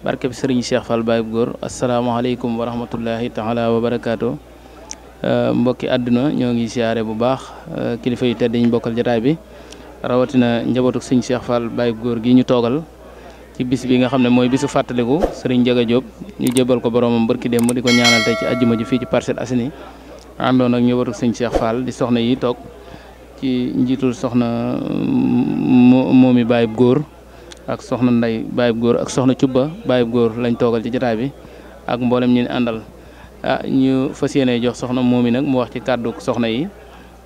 barke bi sëriñ Cheikh Fall Baye Góor asalaamaaleykum wa rahmatullahi taala wa barakaatu euh, mbokki àdduna ñoo ngi siyaare bu baax euh, kilifa yu tedd ñu bokkal jataay bi rawatina njabootuk sëñ Cheikh Fall Baye Góor gi ñu toogal ci bis bi nga xam ne mooy bisu fàttaliku sëriñ Njaga Jóob ñu jébal ko boromam barki mu di ko ñaanal tey ci àjjuma ju fii ci Parcelles Assainies àndoon ak njabootuk sëñ Cheikh Fall di soxna yi toog ci njiitul soxna euh, moomi Baye Góor ak soxna nday baayub góor ak soxna cubba baayub góor lañ toogal ci jotaay bi ak mboolem ñu àndal ah ñu fas yéene jox soxna moomi nag mu wax ci kàddu soxna yi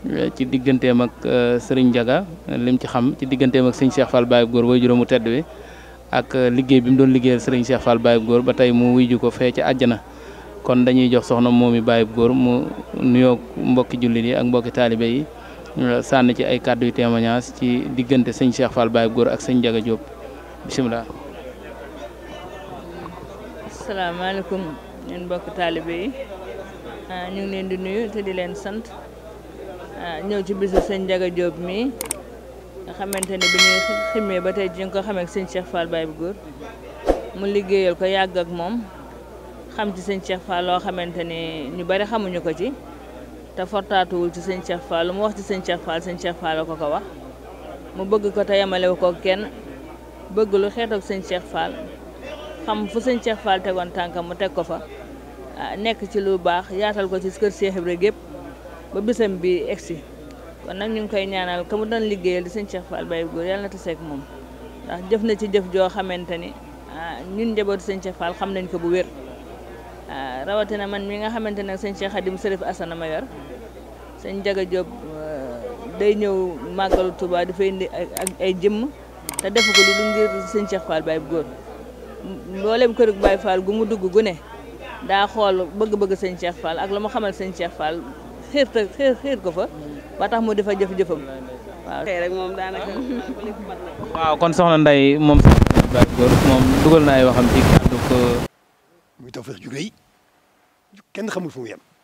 eh, ci digganteem ak eh, sëriñ Njaga lim ci xam ci digganteem ak sëñ Cheikh Fall baayub góor way mu tedd bi ak eh, liggéey bi mu doon liggéeyal sëriñ Cheikh Fall baayub góor ba tey mu wuyu ko fee ca àjjana kon dañuy jox soxna moomi baayub góor mu nuyoo mbokki jullit yi ak mbokki taalibe yi sànn ci ay kàddu yu témoignage ci diggante sëñ Cheikh Fall baayub góor ak sëñ Njaga Jóob bisimilah. asalaamaaleykum ñun bokk taalibe yi ah, ñu ngi leen di nuyu te di leen sant ah, ñëw ci bisu sëñ Njaga Jóob mi nga xamante ne bi ba te ji nga ko xamee ak sëñ Cheikh Fall bu góor mu liggéeyal ko yàgg ak moom xam ci sëñ Cheikh Fall loo xamante ni ñu bari xamuñu ko ci te fortaatuwul ci sëñ Cheikh Fall mu wax ci sëñ Cheikh Fall la ko ko wax mu bëgg ko te yemalewu ko kenn bëgg lu xeetoog sëñ Cheikh Fall xam fu sëñ Cheikh Fall tegoon tànkam mu teg ko fa ah, nekk ci lu baax yaatal ko ci kër Cheikh rek gépp ba bisam bi egsi kon nag ñu ngi koy ñaanal ka mu doon liggéeyal di sëñ Cheikh bay Baye Góor yàlla na taseeg moom ndax jëf na ci jëf joo xamante ni ah, ñun njabootu sëñ xam nañ ko bu wér ah, rawatina man mii nga xamante ne sëñ Cheikh Xadim Serif Asana ma yor sëñ Jaga Diop day ñëw màggalu Tuubaa dafay indi ak ay jëmm te defu ko lu ngir sëñ Cheikh Fall Baye góor mboolem kër Baye Fall gu mu dugg gu ne daa xool bëgg-bëgg sëñ Cheikh Fall ak la mu xamal sëñ Cheikh Fall xiir te ko fa ba tax mu defa jëf-jëfam waaw. moom daanaka. kon soxna Ndeye moom soxna Baye góor moom dugal na ay waxam ci kàddu muy tawfeex ju rëy xamul fu mu